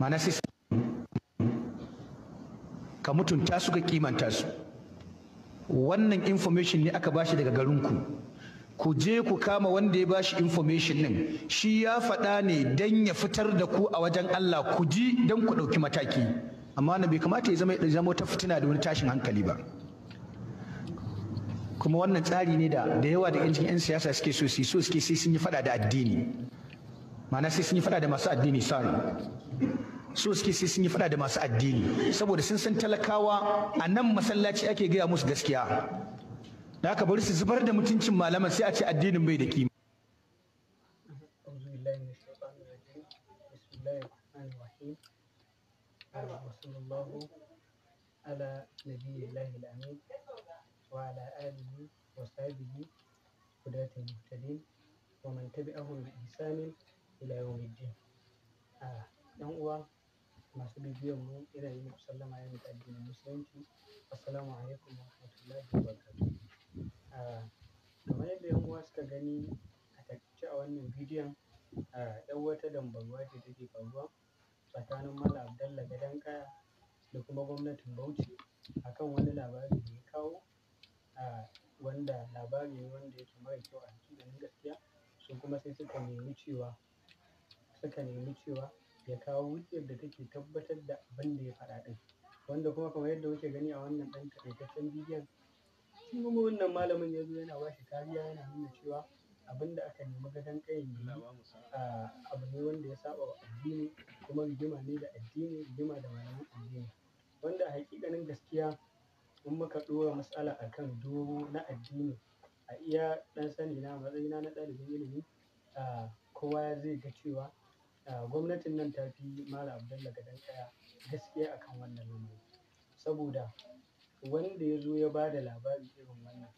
ma'ana sai ka mutunta su ka kimanta su wannan information ne aka bashi daga garin ku Ku je ku kama wanda ya bashi information din shi ya faɗa ne dan ya fitar da ku a wajen Allah ku ji dan ku ɗauki mataki amma na bai kamata ya zama ya zama fitina da wani tashin hankali ba kuma wannan tsari ne da da yawa da 'yan siyasa suke so su so suke sai sun yi faɗa da addini ma'ana sai sun yi fada da masu addini sorry su suke sai sun yi fada da masu addini saboda sun san talakawa a nan masallaci ake gaya musu gaskiya da haka bari su zubar da mutuncin malaman sai a ce addinin bai da kima على نبي الله الأمين وعلى آله وصحبه هداة المهتدين ومن تبعهم بإحسان ila a yan uwa masu bibiyan mu ina yi muku sallama yayin da addinin musulunci assalamu alaikum wa rahmatullahi wa barakatuh kamar yadda yan uwa suka gani a takaice a wannan bidiyon ɗan wata dambarwa ce take faruwa tsakanin Malam Abdalla Kaya da kuma gwamnatin Bauchi akan wani labari da ya kawo wanda labari ne wanda yake mara kyau a hakikanin gaskiya su kuma sai suka nemi cewa suka nemi cewa ya kawo hujjar da take tabbatar da abin da ya faɗa ɗin wanda kuma kamar yadda muke gani a wannan ɗan taƙaitaccen bidiyon shi kuma wannan malamin ya zo yana ba shi kariya yana nuna cewa abin da aka nemi gadon ƙayan gini, abu ne wanda ya saba wa addini kuma rigima ne da addini rigima da malamin addini wanda a hakikanin gaskiya in muka ɗora matsala a kan doro na addini a iya ɗan sani na matsayina na ɗalibin ilimi kowa zai ga cewa gwamnatin nan ta fi Malam Abdallah ƙaya gaskiya akan wannan lamari saboda wanda ya zo ya ba da labari irin wannan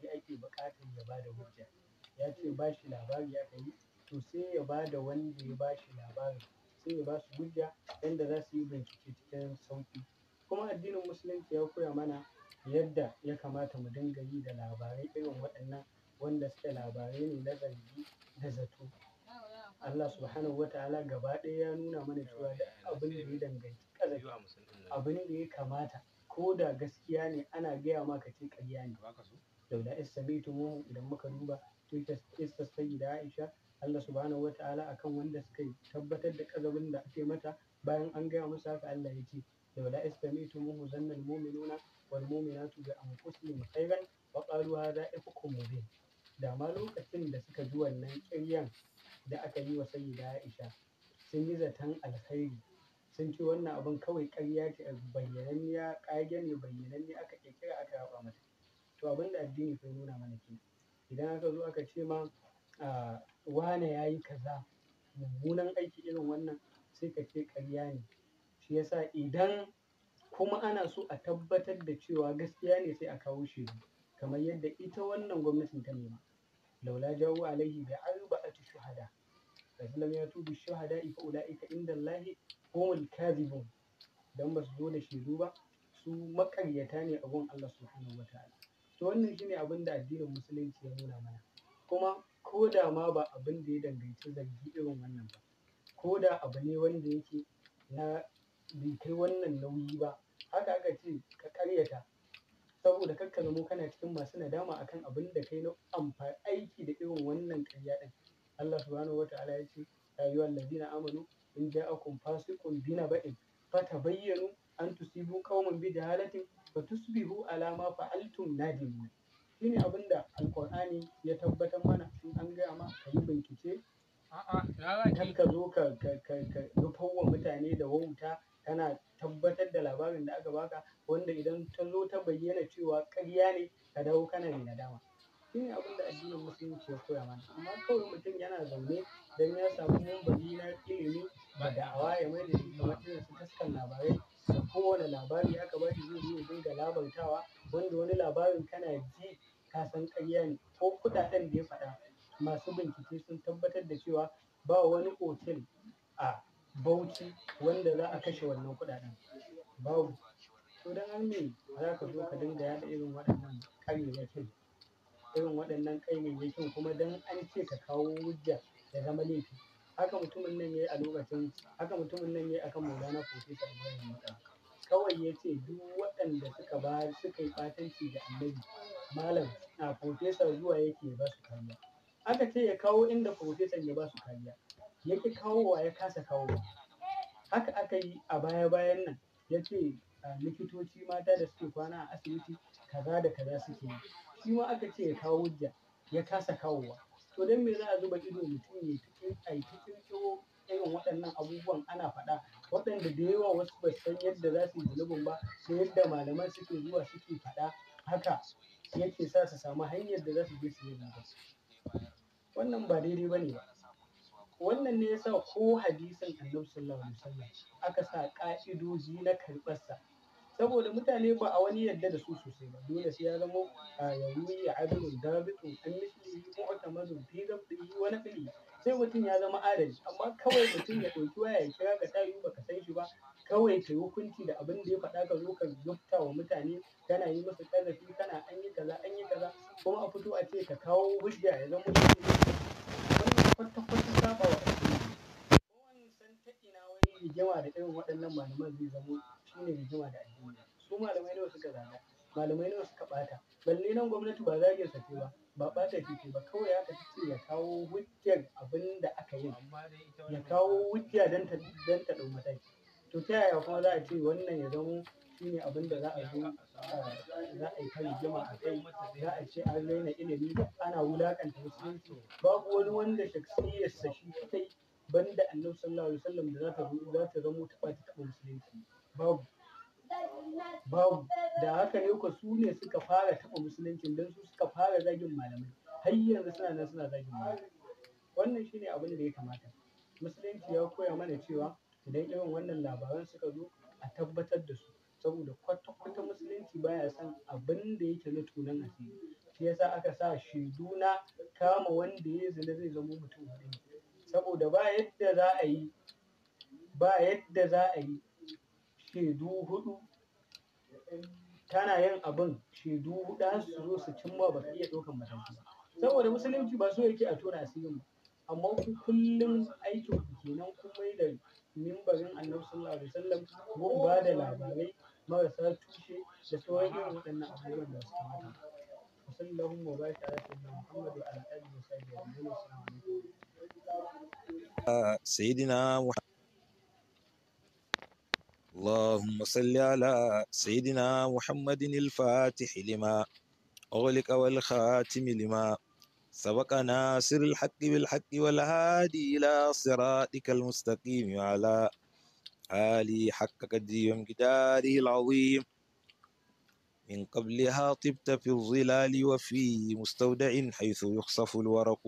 shi ake buƙatar ya ba da hujja ya ce ba shi labari aka yi to sai ya ba da wanda ya ba shi labarin sai ya ba su hujja yadda za su yi bincike cikin sauƙi kuma addinin musulunci ya koya mana yadda ya kamata mu dinga yi da labarai irin waɗannan wanda suke labarai ne na zargi da zato Allah subhanahu wa ta'ala gaba ɗaya ya nuna mana cewa da abin da ya danganci ƙazafi abu da ya kamata ko da gaskiya ne ana gaya maka ce ƙarya ne daula istabaitu mu idan muka duba ita da Aisha Allah subhanahu wa ta'ala akan wanda suka tabbatar da ƙazabin da ake mata bayan an gaya musu haka Allah ya ce daula istabaitu mu zanna almu'minuna wal mu'minatu bi anfusihim khairan wa qalu hadha ifkum mubin da ma lokacin da suka ji wannan ƙiryan da aka yi wa sayyida Aisha sun yi zaton alkhairi sun ce wannan abin kawai ƙarya ce bayyananniya ƙage ne bayyananniya aka kirkira aka yaba mata to abin da addini sai nuna mana ke idan aka zo aka ce ma wane ya yi kaza mummunan aiki irin wannan sai ka ce ƙarya ne shi yasa idan kuma ana so a tabbatar da cewa gaskiya ne sai a kawo shaidu kamar yadda ita wannan gwamnatin ta nema laula jawo alaihi da arba shuhada fa lam yatubu shuhada fa ulaika inda Allah humul kadhibun dan ba zo da shaidu ba su makaryata ne a gun Allah subhanahu ta'ala to wannan shine abin da addinin musulunci ya nuna mana kuma ko da ma ba abin da ya danganci zargi irin wannan ba ko da abu ne wanda yake na bai kai wannan nauyi ba haka aka ce ka karyata saboda kakka zamo kana cikin masu nadama akan abin da kai na amfani aiki da irin wannan karya ɗin Allah subhanahu wa ta'ala ya ce ayyuhal ladina amanu in ja'akum fasiqun binaba'in fatabayyanu an tusibu qauman bi jahalatin fatusbihu ala ma fa'altum nadimin shine cewa ba wani otel a Bauchi wanda za a kashe wannan kuɗaɗen. Babu. To don an me za ka zo ka dinga yaɗa irin waɗannan ƙaryayyakin. Irin waɗannan ƙaryayyakin kuma dan an ce ka kawo hujja ya zama laifi. Haka mutumin nan yayi a lokacin haka mutumin nan yayi akan Maulana Profesa Ibrahim Musa. Kawai ya ce duk waɗanda suka ba suka yi fatanci da annabi malam na profesa zuwa yake ba su kama. aka ce ya kawo inda profesan ya ba su kariya ya ki kawowa ya kasa kawo haka aka yi a baya-bayan nan ya ce likitoci mata da suke kwana a asibiti kaza da kaza suke yi shi ma aka ce ya kawo hujja ya kasa kawowa to dan me za a zuba ido mutum ya ai cikin kirkiro irin waɗannan abubuwan ana faɗa waɗanda da yawa wasu ba san yadda za su yi zunubin ba da yadda malaman suke zuwa suke faɗa haka yake sa su samu hanyar da za su je su yi zunubin wannan ba daidai ba ne ba wannan ne yasa ko hadisin annabi sallallahu alaihi wasallam aka sa ka'idoji na karɓarsa saboda mutane ba a wani yadda da su sosai ba dole sai ya zamo a yawi ya adalun dabitu an misli mu'tamadun fi yi wani nafli sai mutum ya zama adali amma kawai mutum ya ɗauki waya ya kira ka tayu ka san shi ba kawai ka yi hukunci da abin da ya faɗa ka zo ka zubta wa mutane kana yi musu ƙarfi kana an yi kaza an yi kaza kuma a fito a ce ka kawo hujja ya zama shi wannan kwata-kwata saba wa kowan san ta ina wani rigima da irin waɗannan malaman zai zamo ne rigima da addini su malamai nawa suka zaga malamai nawa suka ɓata balle nan gwamnati ba zagin sa ce ba ba ɓata shi ba kawai ya ka ce ya kawo hujjar abin da aka yi ya kawo hujja don ta ɗau mataki to ta yaya kuma za a ce wannan ya zamo ne abin da za a zo eh, za a yi kai jima a kai za a ce an raina ilimi ana wulakanta musulunci babu wani wanda shaksiyarsa shi kai banda annabi sallallahu alaihi wasallam da za ta za ta zamo ta ɓata taɓa musulunci babu babu da haka ne ko su ne suka fara taɓa musulunci don su suka fara zagin malamai har yanzu suna nan suna zagin malamai wannan shine abin da ya kamata musulunci ya koya mana cewa idan irin wannan labaran suka zo a tabbatar da su saboda kwata-kwata musulunci baya son abin da yake na tunan asiri shi yasa aka sa shaidu na kama wanda ya zina zai zama mutum hudu saboda ba yadda za a yi ba yadda za a yi shaidu hudu tana yin abin shaidu hudu su zo su cimma ba iya ɗaukan ba saboda musulunci ba so yake a tona asirin ba amma kullum aikin kenan kuma da mimbarin annabi sallallahu alaihi wasallam mun ba da labarai marasa tushe da sauran irin waɗannan abubuwan da su kamata sallallahu wa baraka ala sayyidina muhammad wa ala alihi wa sahbihi ajma'in assalamu alaikum sayyidina muhammad اللهم صل على سيدنا محمد الفاتح لما أغلق والخاتم لما سبق ناصر الحق بالحق والهادي إلى صراطك المستقيم وعلى آلي حق قدري ومقداره العظيم من قبلها طبت في الظلال وفي مستودع حيث يخصف الورق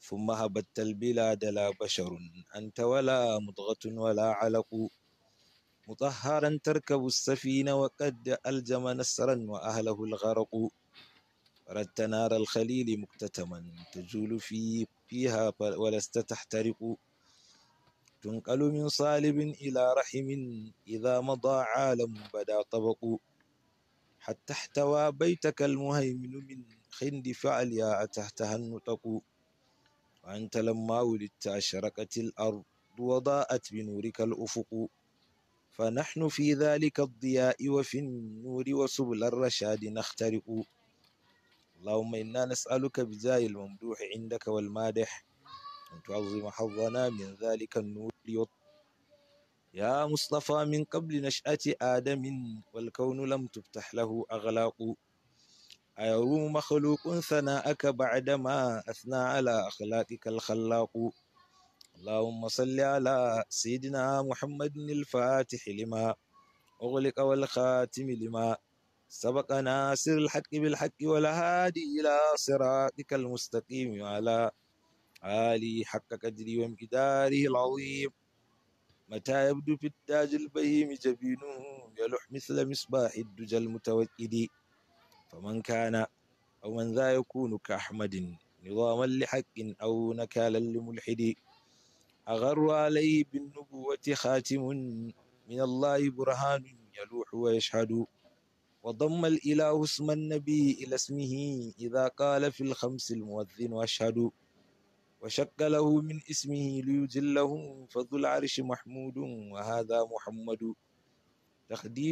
ثم هبت البلاد لا بشر أنت ولا مضغة ولا علق مطهرا تركب السفينة وقد ألجم نسرا وأهله الغرق ردت نار الخليل مكتتما تجول في فيها ولست تحترق تنقل من صالب إلى رحم إذا مضى عالم بدا طبق حتى احتوى بيتك المهيمن من خند فعليا أتحتها النطق وأنت لما ولدت أشرقت الأرض وضاءت بنورك الأفق فنحن في ذلك الضياء وفي النور وسبل الرشاد نخترق اللهم إنا نسألك بجاه الممدوح عندك والمادح أن تعظم حظنا من ذلك النور يا مصطفى من قبل نشأة آدم والكون لم تفتح له أغلاق أيروم مخلوق ثناءك بعدما أثنى على أخلاقك الخلاق اللهم صل على سيدنا محمد الفاتح لما أغلق والخاتم لما سبق ناصر الحق بالحق والهادي إلى صراطك المستقيم وعلى علي حق قدري وامتداره العظيم متى يبدو في التاج البهيم جبينه يلح مثل مصباح الدجى المتوكد فمن كان أو من ذا يكون كأحمد نظاما لحق أو نكالا لملحد أغر عليه بالنبوة خاتم من الله برهان يلوح ويشهد وضم الإله اسم النبي إلى اسمه إذا قال في الخمس المؤذن وأشهد وشق له من اسمه ليجله فذو العرش محمود وهذا محمد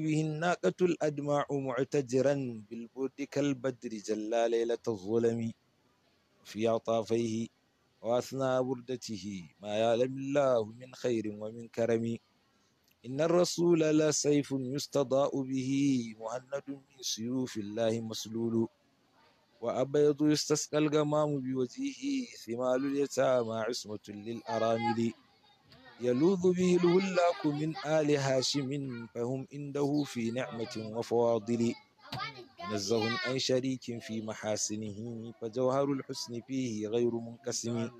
به الناقة الأدمع معتجرا بالبرد كالبدر جلى ليلة الظلم في عطافيه وأثنى بردته ما يعلم الله من خير ومن كرم إن الرسول سيف يستضاء به مهند من سيوف الله مسلول وأبيض يستسقى الغمام بوجهه ثمال اليتامى عصمة للأرامل يلوذ به الولاك من آل هاشم فهم عنده في نعمة وفواضل نزه عن شريك في محاسنه فجوهر الحسن فيه غير منقسم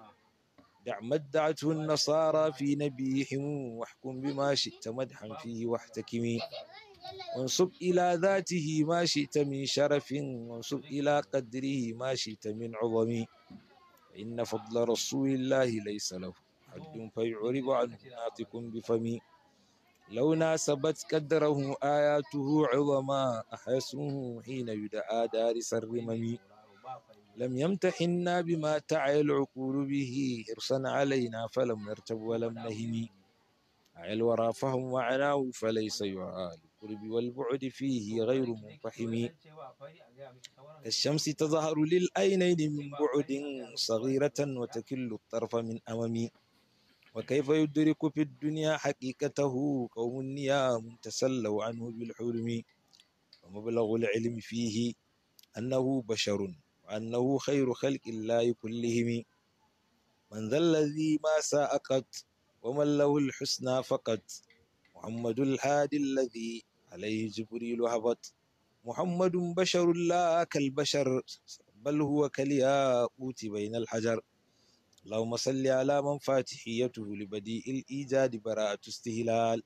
دع ما ادعته النصارى في نبيهم واحكم بما شئت مدحا فيه واحتكمي وانصب إلى ذاته ما شئت من شرف وانصب إلى قدره ما شئت من عظم إن فضل رسول الله ليس له حد فيعرب عنه ناطق بفمي لو ناسبت قدره آياته عظما أحسنه حين يدعى دار سر ممي لم يمتحنا بما تعي العقول به حرصا علينا فلم نرتب ولم نهني عل الورى فهم وعناه فليس يعال القرب والبعد فيه غير منقحم الشمس تظهر للأينين من بعد صغيرة وتكل الطرف من أمامي وكيف يدرك في الدنيا حقيقته قوم نيام تسلوا عنه بالحلم ومبلغ العلم فيه أنه بشر أنه خير خلق الله كلهم من ذا الذي ما ساءكت ومن له الحسنى فقط محمد الهادي الذي عليه جبريل هبط محمد بشر لا كالبشر بل هو كالياقوت بين الحجر اللهم صل على من فاتحيته لبديء الإيجاد براءة استهلال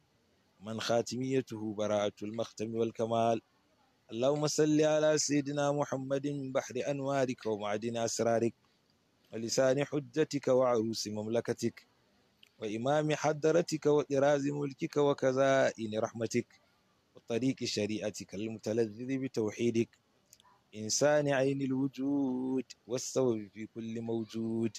من خاتميته براءة المختم والكمال اللهم صل على سيدنا محمد من بحر أنوارك ومعدن أسرارك ولسان حجتك وعروس مملكتك وإمام حضرتك وإراز ملكك وكزائن رحمتك وطريق شريعتك المتلذذ بتوحيدك إنسان عين الوجود والسبب في كل موجود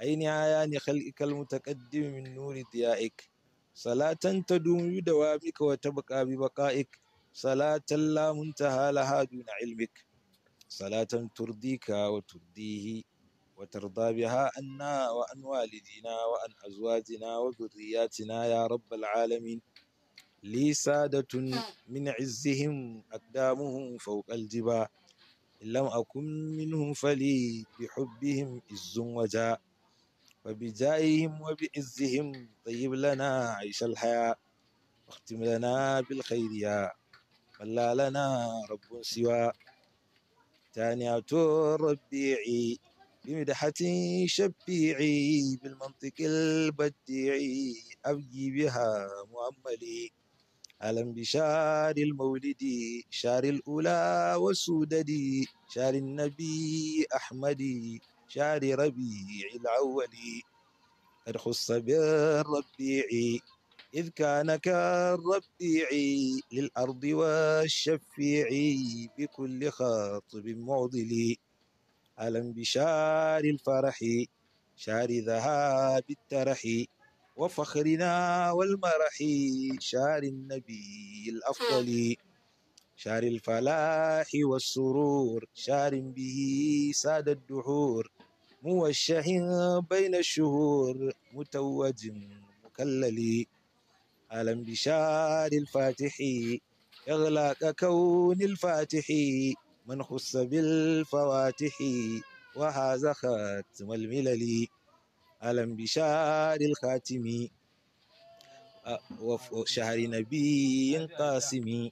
عين عيان خلقك المتقدم من نور ضيائك صلاة تدوم بدوامك وتبقى ببقائك صلاة لا منتهى لها دون علمك صلاة ترضيك وترضيه وترضى بها أنا وأن والدينا وأن أزواجنا وذرياتنا يا رب العالمين لي سادة من عزهم أقدامهم فوق الجبا إن لم أكن منهم فلي بحبهم عز وجاء وبجائهم وبعزهم طيب لنا عيش الحياة واختم لنا بالخير يا ولا لنا رب سوى تاني أتور ربيعي بمدحة شبيعي بالمنطق البديعي أبجي بها مؤملي ألم بشار المولد شار الأولى وسوددي شار النبي أحمد شار ربيع الأول قد خص بالربيع إذ كان كالربيع للأرض والشفيع بكل خاطب معضل ألم بشار الفرح شار ذهاب الترح وفخرنا والمرح شار النبي الأفضل شار الفلاح والسرور شار به ساد الدحور موشح بين الشهور متوج مكللي ألم بشار الفاتح إغلاق كون الفاتح من خص بالفواتح وهذا خاتم الملل ألم بشار الخاتم وشهر نبي قاسم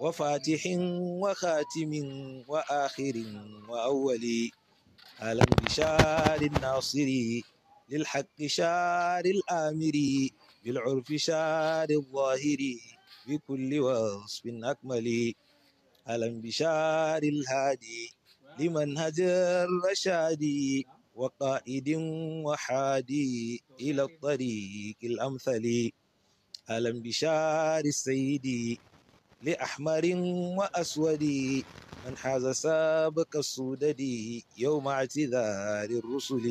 وفاتح وخاتم وآخر وأول ألم بشار الناصر للحق شار الآمر بالعرف شاد الظاهر بكل وصف أكمل ألم بشار الهادي لمن هجر الرشادي وقائد وحادي إلى الطريق الأمثل ألم بشار السيد لأحمر وأسود من حاز سابق السودد يوم اعتذار الرسل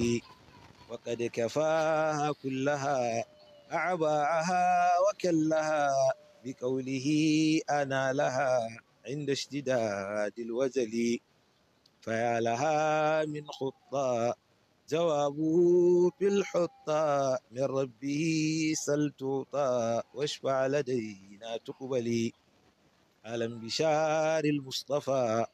وقد كفاها كلها أعباءها وكلها بقوله أنا لها عند اشتداد الوزل فيا لها من خطة جوابه في من ربه سلتوطا واشفع لدينا تقبلي ألم بشار المصطفى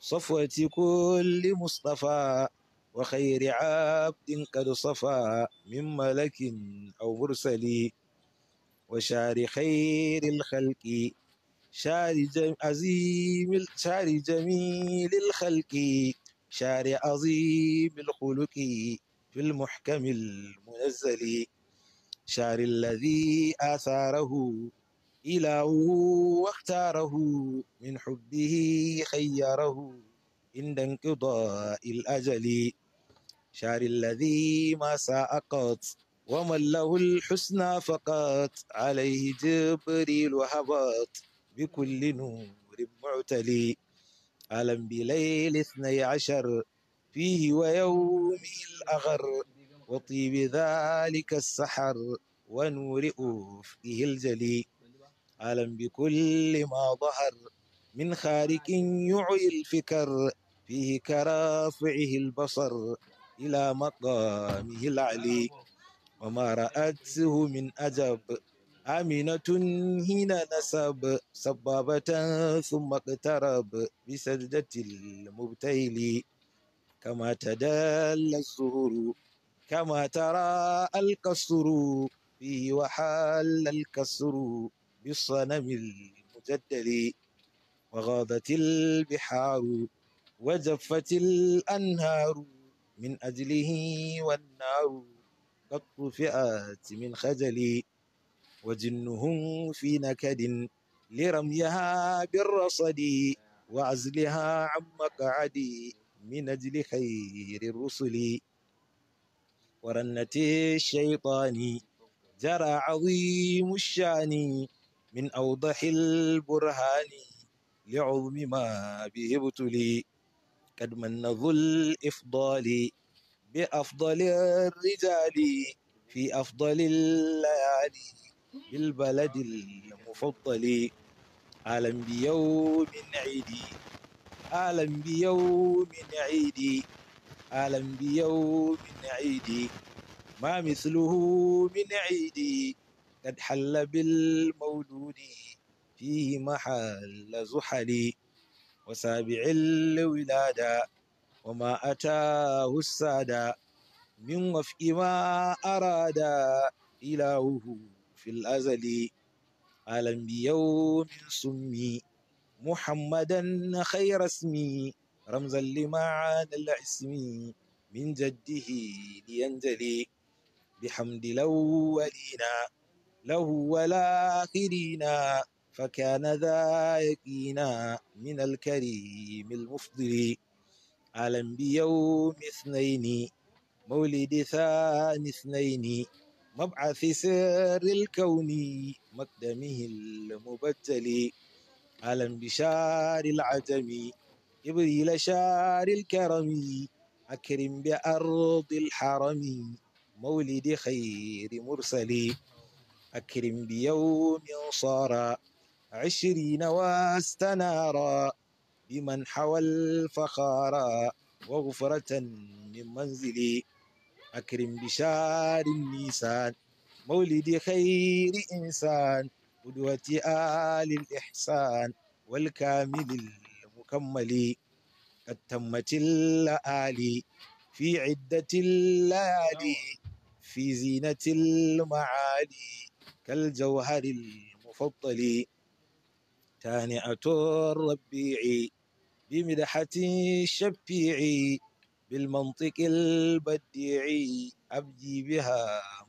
صفوة كل مصطفى وخير عبد قد صفى من ملك أو مرسل وشار خير الخلق شار عظيم شار جميل الخلق شار عظيم الخلق في المحكم المنزل شار الذي آثاره إله واختاره من حبه خيره عند انقضاء الأجل شار الذي ما ساقط ومن له الحسنى فقط عليه جبريل هبط بكل نور معتلي ألم بليل اثني عشر فيه ويومه الأغر وطيب ذلك السحر ونور أفقه الجلي ألم بكل ما ظهر من خارق يعي الفكر فيه كرافعه البصر إلى مقامه العلي وما رأته من أجب آمنة حين نسب سبابة ثم اقترب بسجدة المبتهل كما تدل الزهور كما ترى القصر فيه وحال الكسر بالصنم المجدل وغاضت البحار وجفت الأنهار من أجله والنار قد رفعت من خجلي وجنهم في نكد لرميها بالرصد وعزلها عن مقعدي من أجل خير الرسل ورنة الشيطان جرى عظيم الشان من أوضح البرهان لعظم ما به ابتلي قد من ذو الإفضال بأفضل الرجال في أفضل الليالي بالبلد المفضل أعلم بيوم عيدي أعلم بيوم عيدي أعلم بيوم عيدي ما مثله من عيدي قد حل بالمولود فيه محل زحل وسابع الولادة وما أتاه السادة من وفق ما أراد إلهه في الأزل على بيوم سمي محمدا خير اسمي رمزا لمعنى الاسم من جده لينجلي بحمد الأولين له والآخرين فكان ذا يقينا من الكريم المفضل على بيوم اثنين مولد ثاني اثنين مبعث سر الكون مقدمه المبتل على بشار العجم جبريل شار الكرم أكرم بأرض الحرم مولد خير مرسل أكرم بيوم صار عشرين واستنارا بمن حوى الفخارا وغفرة من منزلي أكرم بشار النيسان مولد خير إنسان قدوة آل الإحسان والكامل المكمل قد تمت الآلي في عدة الليالي في زينة المعالي كالجوهر المفضل تهنئة ربيعي بمدحة الشفيعي بالمنطق البديعي أبجي بها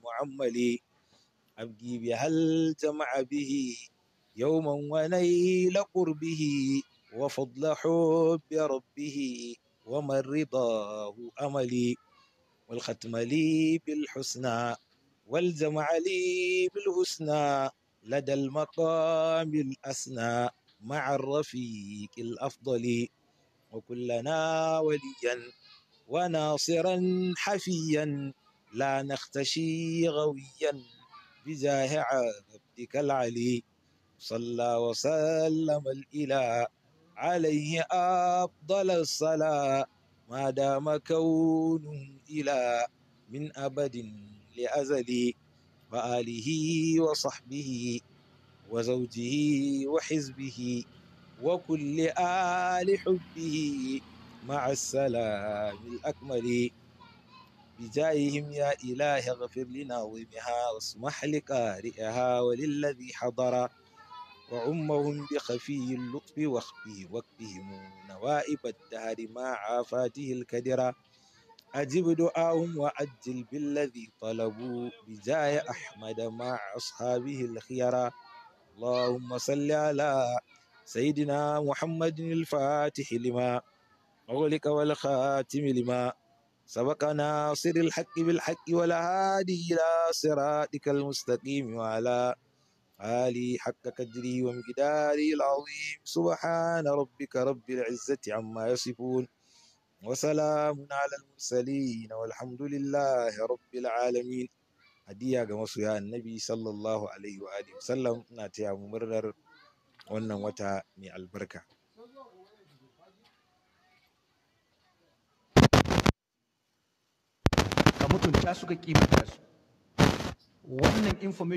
معملي أبجي بها التمع به يوما ونيل قربه وفضل حب ربه ومن رضاه أملي والختم لي بالحسنى والزم علي بالحسنى لدى المقام الأسنى مع الرفيق الأفضل وكلنا وليا وناصرا حفيا لا نختشي غويا بجاه عبدك العلي صلى وسلم الإله عليه أفضل الصلاة ما دام كون إله من أبد لأزلي وآله وصحبه وزوجه وحزبه وكل آل حبه مع السلام الأكمل بجاههم يا إله اغفر لناظمها واسمح لقارئها وللذي حضر وعمهم بخفي اللطف واخفي وكفهم نوائب الدهر مع عافاته الكدره أجب دعاهم وأجل بالذي طلبوا بجاه أحمد مع أصحابه الخيرا اللهم صل على سيدنا محمد الفاتح لما أغلق والخاتم لما سبق ناصر الحق بالحق والهادي إلى صراطك المستقيم وعلى آلي حق قدره ومقداري العظيم سبحان ربك رب العزة عما يصفون وسلام على المرسلين والحمد لله رب العالمين هديا كما سوى النبي صلى الله عليه وآله وسلم ناتيا ممرر ونن وتا مي البركة كما تنشاسك كيما تنشاسك ونن information